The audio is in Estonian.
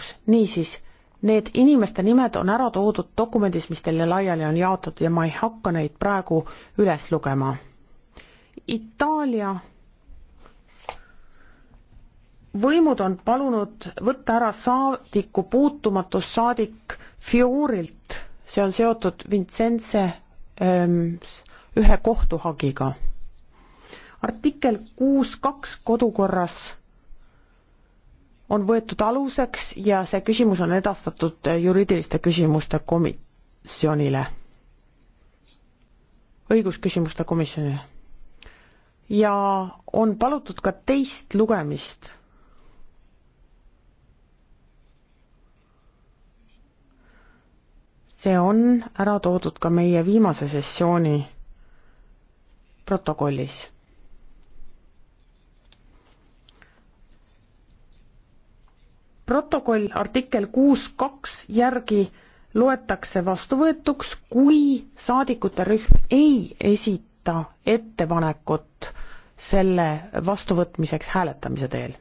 kaks, niisiis, need inimeste nimed on ära toodud dokumendis, mis teile laiali on jaotatud ja ma ei hakka neid praegu üles lugema. Itaalia võimud on palunud võtta ära saadiku puutumatus saadik Fiorilt, see on seotud Vincenze ähm, ühe kohtuhagiga. artikkel kuus kaks kodukorras on võetud aluseks ja see küsimus on edastatud juriidiliste küsimuste komisjonile, õigusküsimuste komisjonile. ja on palutud ka teist lugemist. see on ära toodud ka meie viimase sessiooni protokollis protokoll artikkel kuus kaks järgi loetakse vastuvõetuks, kui saadikute rühm ei esita ettepanekut selle vastuvõtmiseks hääletamise teel